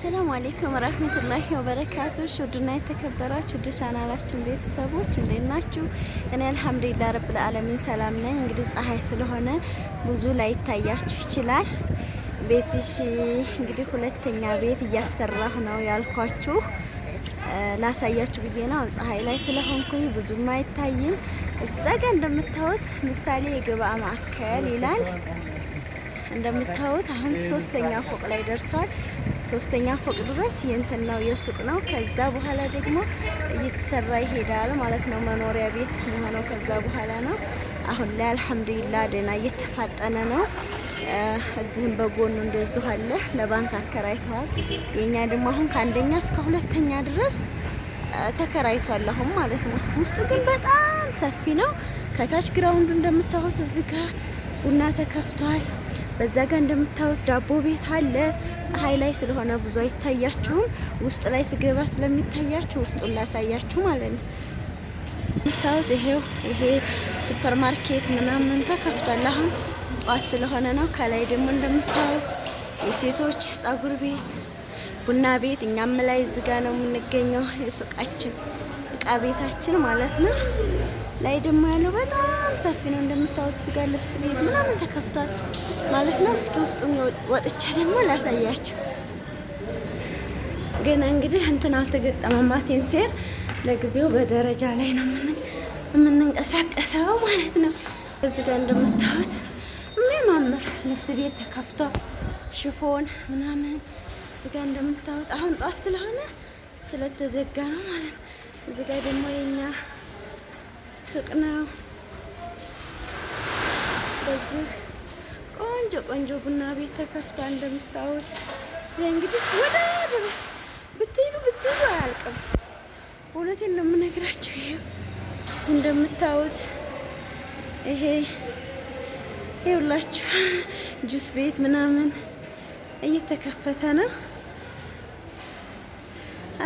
ሰላም አሌይኩም ረህመቱላሂ ወበረካቱ። ውድና የተከበራችሁ ውድ ቤተሰቦች እንዴት ናችሁ? እኔ አልሐምዱሊላህ ረብል ዓለሚን ሰላም ነኝ። እንግዲህ ፀሐይ ስለሆነ ብዙ ላይታያችሁ ይችላል። ቤት እንግዲህ ሁለተኛ ቤት እያሰራሁ ነው ያልኳችሁ ላሳያችሁ ብዬ ነው። ፀሐይ ላይ ስለሆንኩኝ ብዙም አይታይም። እዛ ጋ እንደምታዩት ምሳሌ የገበያ ማዕከል ይላል እንደምታዩት አሁን ሶስተኛ ፎቅ ላይ ደርሷል። ሶስተኛ ፎቅ ድረስ የእንትን ነው የሱቅ ነው። ከዛ በኋላ ደግሞ እየተሰራ ይሄዳል ማለት ነው። መኖሪያ ቤት የሆነው ከዛ በኋላ ነው። አሁን ላይ አልሐምዱሊላ ደህና እየተፋጠነ ነው። እዚህም በጎኑ እንደዚሁ አለ፣ ለባንክ አከራይተዋል። የእኛ ደግሞ አሁን ከአንደኛ እስከ ሁለተኛ ድረስ ተከራይቷል አሁን ማለት ነው። ውስጡ ግን በጣም ሰፊ ነው። ከታች ግራውንዱ እንደምታዩት እዚህ ጋር ቡና ተከፍቷል። በዛ ጋር እንደምታዩት ዳቦ ቤት አለ። ፀሐይ ላይ ስለሆነ ብዙ አይታያችሁም። ውስጥ ላይ ስገባ ስለሚታያችሁ ውስጡን ላሳያችሁ ማለት ነው። የምታዩት ይሄው ይሄ ሱፐር ማርኬት ምናምን ተከፍቷል። አሁን ጠዋት ስለሆነ ነው። ከላይ ደግሞ እንደምታዩት የሴቶች ጸጉር ቤት፣ ቡና ቤት እኛም ላይ ዝጋ ነው የምንገኘው የሱቃችን እቃ ቤታችን ማለት ነው። ላይ ደግሞ ያለው በጣም ሰፊ ነው እንደምታወት ስጋ ልብስ ቤት ምናምን ተከፍቷል ማለት ነው። እስኪ ውስጡ ወጥቻ ደግሞ ላሳያቸው። ግን እንግዲህ እንትን አልተገጠመም አሴንሴር። ለጊዜው በደረጃ ላይ ነው የምንንቀሳቀሰው ማለት ነው። እዚህ ጋር እንደምታወት የሚያማምር ልብስ ቤት ተከፍቷል። ሽፎን ምናምን እዚህ ጋር እንደምታወት አሁን ጧት ስለሆነ ስለተዘጋ ነው ማለት ነው። እዚህ ጋር ደግሞ የኛ ሱቅ ነው። በዚህ ቆንጆ ቆንጆ ቡና ቤት ተከፍታ እንደምታዩት እንግዲህ ወደ ድረስ ብትሄዱ ብትሄዱ አያልቅም። እውነቴን ነው የምነግራቸው። ይሄ እንደምታዩት ይሄ ይኸውላችሁ ጁስ ቤት ምናምን እየተከፈተ ነው።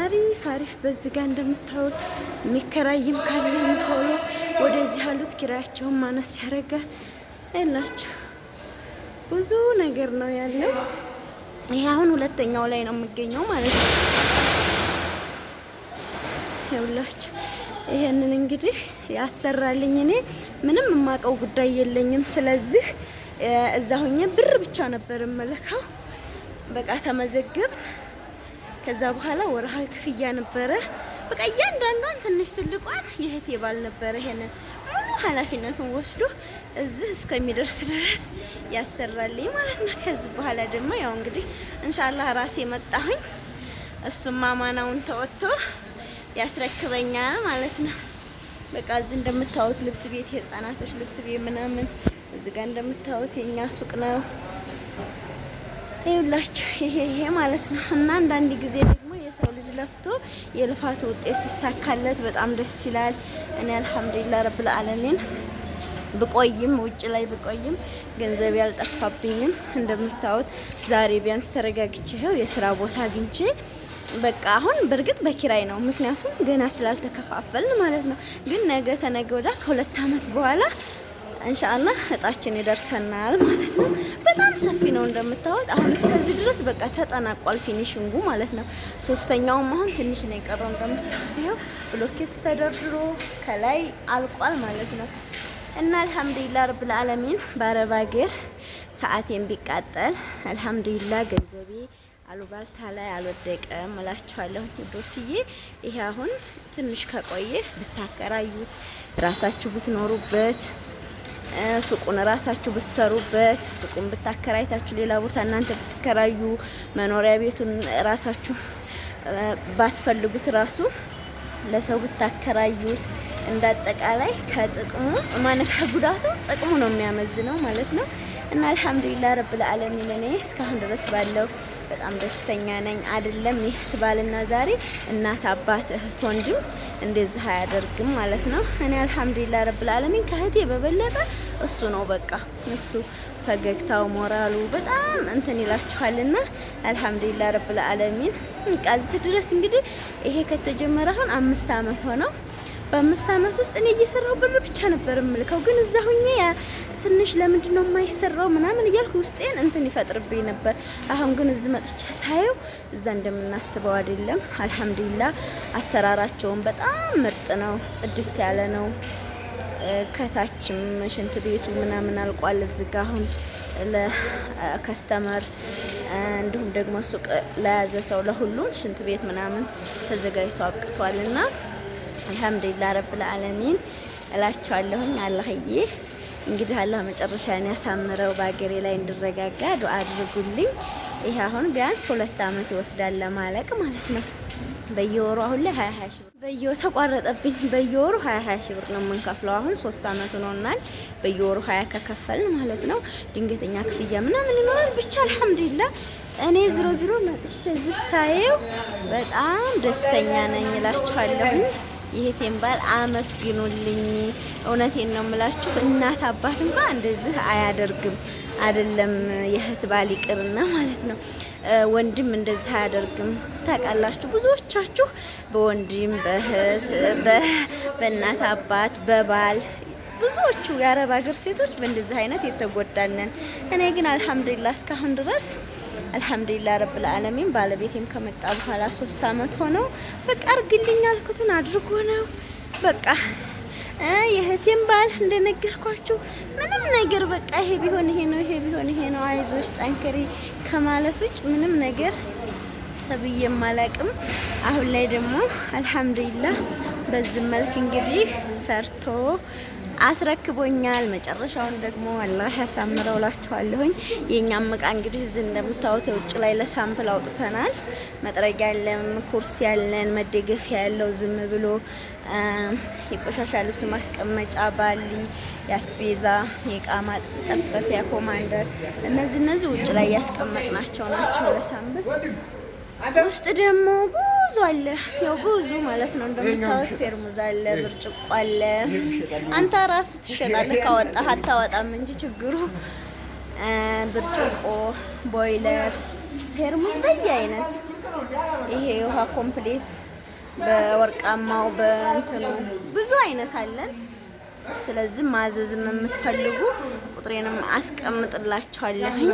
አሪፍ አሪፍ በዚህ ጋር እንደምታዩት የሚከራይም ካለ የምታውለ ወደዚህ ያሉት ኪራያቸውን ማነስ ያደርጋል ያላቸው ብዙ ነገር ነው ያለው። ይሄ አሁን ሁለተኛው ላይ ነው የምገኘው ማለት ነው። ይኸውላችሁ ይሄንን እንግዲህ ያሰራልኝ እኔ ምንም የማውቀው ጉዳይ የለኝም። ስለዚህ እዛ ብር ብቻ ነበር የምልካው። በቃ ተመዘገብን። ከዛ በኋላ ወርሃዊ ክፍያ ነበረ። በቃ እያንዳንዷን ትንሽ ትልቋን ይህት ባል ነበረ ይሄንን ሙሉ ኃላፊነቱን ወስዶ እዚህ እስከሚደርስ ድረስ ያሰራልኝ ማለት ነው። ከዚህ በኋላ ደግሞ ያው እንግዲህ እንሻላህ ራሴ መጣሁኝ። እሱም አማናውን ተወጥቶ ያስረክበኛል ማለት ነው። በቃ እዚህ እንደምታዩት ልብስ ቤት፣ የህፃናቶች ልብስ ቤት ምናምን እዚህ ጋር እንደምታዩት የኛ ሱቅ ነው። ይኸውላችሁ ይሄ ይሄ ማለት ነው። እና አንዳንድ ጊዜ ደግሞ የሰው ልጅ ለፍቶ የልፋቱ ውጤት ሲሳካለት በጣም ደስ ይላል። እኔ አልሐምዱሊላህ ረብል ዓለሚን ብቆይም ውጭ ላይ ብቆይም ገንዘብ ያልጠፋብኝም። እንደምታዩት ዛሬ ቢያንስ ተረጋግቼው የስራ ቦታ አግኝቼ በቃ አሁን በእርግጥ በኪራይ ነው፣ ምክንያቱም ገና ስላልተከፋፈልን ማለት ነው። ግን ነገ ተነገ ወዲያ ከሁለት አመት በኋላ እንሻአላህ እጣችን ይደርሰናል ማለት ነው። በጣም ሰፊ ነው እንደምታወጥ። አሁን እስከዚህ ድረስ በቃ ተጠናቋል ፊኒሽንጉ ማለት ነው። ሶስተኛውም አሁን ትንሽ ነው የቀረው እንደምታወጥ። ይኸው ብሎኬት ተደርድሮ ከላይ አልቋል ማለት ነው። እና አልሐምዱሊላህ ረብል ዓለሚን በአረብ ሀገር ሰዓቴን ቢቃጠል አልሐምዱሊላህ ገንዘቤ አሉባልታ ላይ አልወደቀም እላችኋለሁ ውዶችዬ። ይሄ አሁን ትንሽ ከቆየ ብታከራዩት ራሳችሁ ብትኖሩበት ሱቁን ራሳችሁ ብትሰሩበት፣ ሱቁን ብታከራይታችሁ፣ ሌላ ቦታ እናንተ ብትከራዩ፣ መኖሪያ ቤቱን ራሳችሁ ባትፈልጉት ራሱ ለሰው ብታከራዩት፣ እንዳጠቃላይ ከጥቅሙ ማለት ከጉዳቱ ጥቅሙ ነው የሚያመዝነው ማለት ነው። እና አልሐምዱሊላህ ረብል ዓለሚን እኔ እስካሁን ድረስ ባለው በጣም ደስተኛ ነኝ። አይደለም ይህት ባልና ዛሬ እናት፣ አባት፣ እህት፣ ወንድም እንደዚህ አያደርግም ማለት ነው። እኔ አልሐምዱሊላህ ረብል ዓለሚን ከእህቴ በበለጠ እሱ ነው በቃ እሱ ፈገግታው ሞራሉ በጣም እንትን ይላችኋልና አልሐምዱሊላህ ረብል ዓለሚን እዚህ ድረስ እንግዲህ ይሄ ከተጀመረ አሁን አምስት አመት ሆነው። በአምስት አመት ውስጥ እኔ እየሰራው ብር ብቻ ነበር የምልከው፣ ግን እዛ ሁኜ ትንሽ ለምንድን ነው የማይሰራው ምናምን እያልኩ ውስጤን እንትን ይፈጥርብኝ ነበር። አሁን ግን እዚህ መጥቼ ሳየው እዛ እንደምናስበው አይደለም። አልሐምዱሊላ አሰራራቸውን በጣም ምርጥ ነው፣ ጽድት ያለ ነው። ከታችም ሽንት ቤቱ ምናምን አልቋል። እዚህ ጋ አሁን ለከስተመር እንዲሁም ደግሞ ሱቅ ለያዘ ሰው ለሁሉም ሽንት ቤት ምናምን ተዘጋጅቶ አብቅቷልና አልሐምዱሊላ ረብል ዓለሚን እላቸዋለሁኝ አላህዬ እንግዲህ አላህ መጨረሻን ያሳምረው። በሀገሬ ላይ እንድረጋጋ ዱአ አድርጉልኝ። ይሄ አሁን ቢያንስ ሁለት አመት ይወስዳል ለማለቅ ማለት ነው። በየወሩ አሁን ላይ 20 20 ሺህ ብር በየወሩ ተቋረጠብኝ። በየወሩ 20 20 ሺህ ብር ነው የምንከፍለው። አሁን ሶስት አመት ሆኖናል። በየወሩ 20 ከከፈልን ማለት ነው ድንገተኛ ክፍያ ምናምን ይኖራል። ብቻ አልሐምዱሊላህ እኔ ዝሮ ዝሮ መጥቼ እዚህ ሳየው በጣም ደስተኛ ነኝ እላችኋለሁ። ይሄቴን ባል አመስግኑልኝ። እውነቴን ነው የምላችሁ፣ እናት አባት እንኳን እንደዚህ አያደርግም። አይደለም የእህት ባል ይቅርና ማለት ነው ወንድም እንደዚህ አያደርግም። ታውቃላችሁ፣ ብዙዎቻችሁ በወንድም በእህት በእናት አባት በባል ብዙዎቹ የአረብ ሀገር ሴቶች በእንደዚህ አይነት የተጎዳነን። እኔ ግን አልሐምዱሊላህ እስካሁን ድረስ አልሐምዱሊላህ ረብል ዓለሚን ባለቤቴም ከመጣ በኋላ ሶስት አመት ሆነው። በቃ አርግልኝ አልኩትን አድርጎ ነው በቃ የእህቴም ባል እንደነገርኳችሁ ምንም ነገር በቃ ይሄ ቢሆን ይሄ ነው፣ ይሄ ቢሆን ይሄ ነው፣ አይዞሽ ጠንክሪ ከማለት ውጭ ምንም ነገር ተብዬም ማላቅም አሁን ላይ ደግሞ አልሐምዱሊላህ በዚህ መልክ እንግዲህ ሰርቶ አስረክቦኛል። መጨረሻውን ደግሞ አላህ ያሳምረው ላችኋለሁኝ። የእኛም እቃ እንግዲህ እዚህ እንደምታዩት ውጭ ላይ ለሳምፕል አውጥተናል። መጥረጊያ ያለን፣ ኩርሲ ያለን፣ መደገፊያ ያለው ዝም ብሎ የቆሻሻ ልብስ ማስቀመጫ፣ ባሊ፣ የአስቤዛ፣ የእቃ ማጠፈፊያ፣ ኮማንደር እነዚህ እነዚህ ውጭ ላይ ያስቀመጥናቸው ናቸው ለሳምፕል ውስጥ ደግሞ ብዙ አለ፣ ያው ብዙ ማለት ነው። እንደምታወት ፌርሙዝ አለ፣ ብርጭቆ አለ። አንተ ራሱ ትሸጣለህ ካወጣ አታወጣም እንጂ ችግሩ ብርጭቆ፣ ቦይለር፣ ፌርሙዝ በየአይነት ይሄ የውሃ ኮምፕሌት በወርቃማው በእንትኑ ብዙ አይነት አለን። ስለዚህ ማዘዝም የምትፈልጉ ቁጥሬንም አስቀምጥላችኋለሁኝ።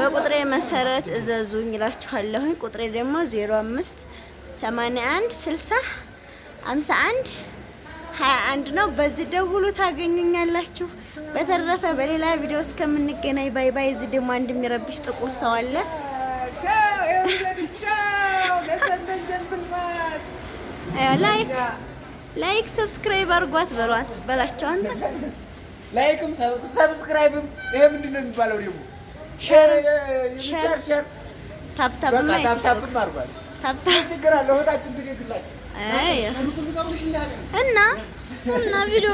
በቁጥሬ መሰረት እዘዙኝ ይላችኋለሁኝ። ቁጥሬ ደግሞ ዜሮ አምስት 81 60 51 21 ነው። በዚህ ደውሉ ታገኙኛላችሁ። በተረፈ በሌላ ቪዲዮ እስከምንገናኝ ባይ ባይ። እዚህ ደግሞ አንድ የሚረብሽ ጥቁር ሰው አለ። ላይክ ላይክ ሰብስክራይብ አርጓት በሏት በላቸው። አንተ ላይክም ሰብስክራይብም ይሄ ምንድን ነው የሚባለው? ደግሞ ሼር ሼር ታፕ ታፕ ታፕ ታፕ አድርጓት እና እና ቪዲዮ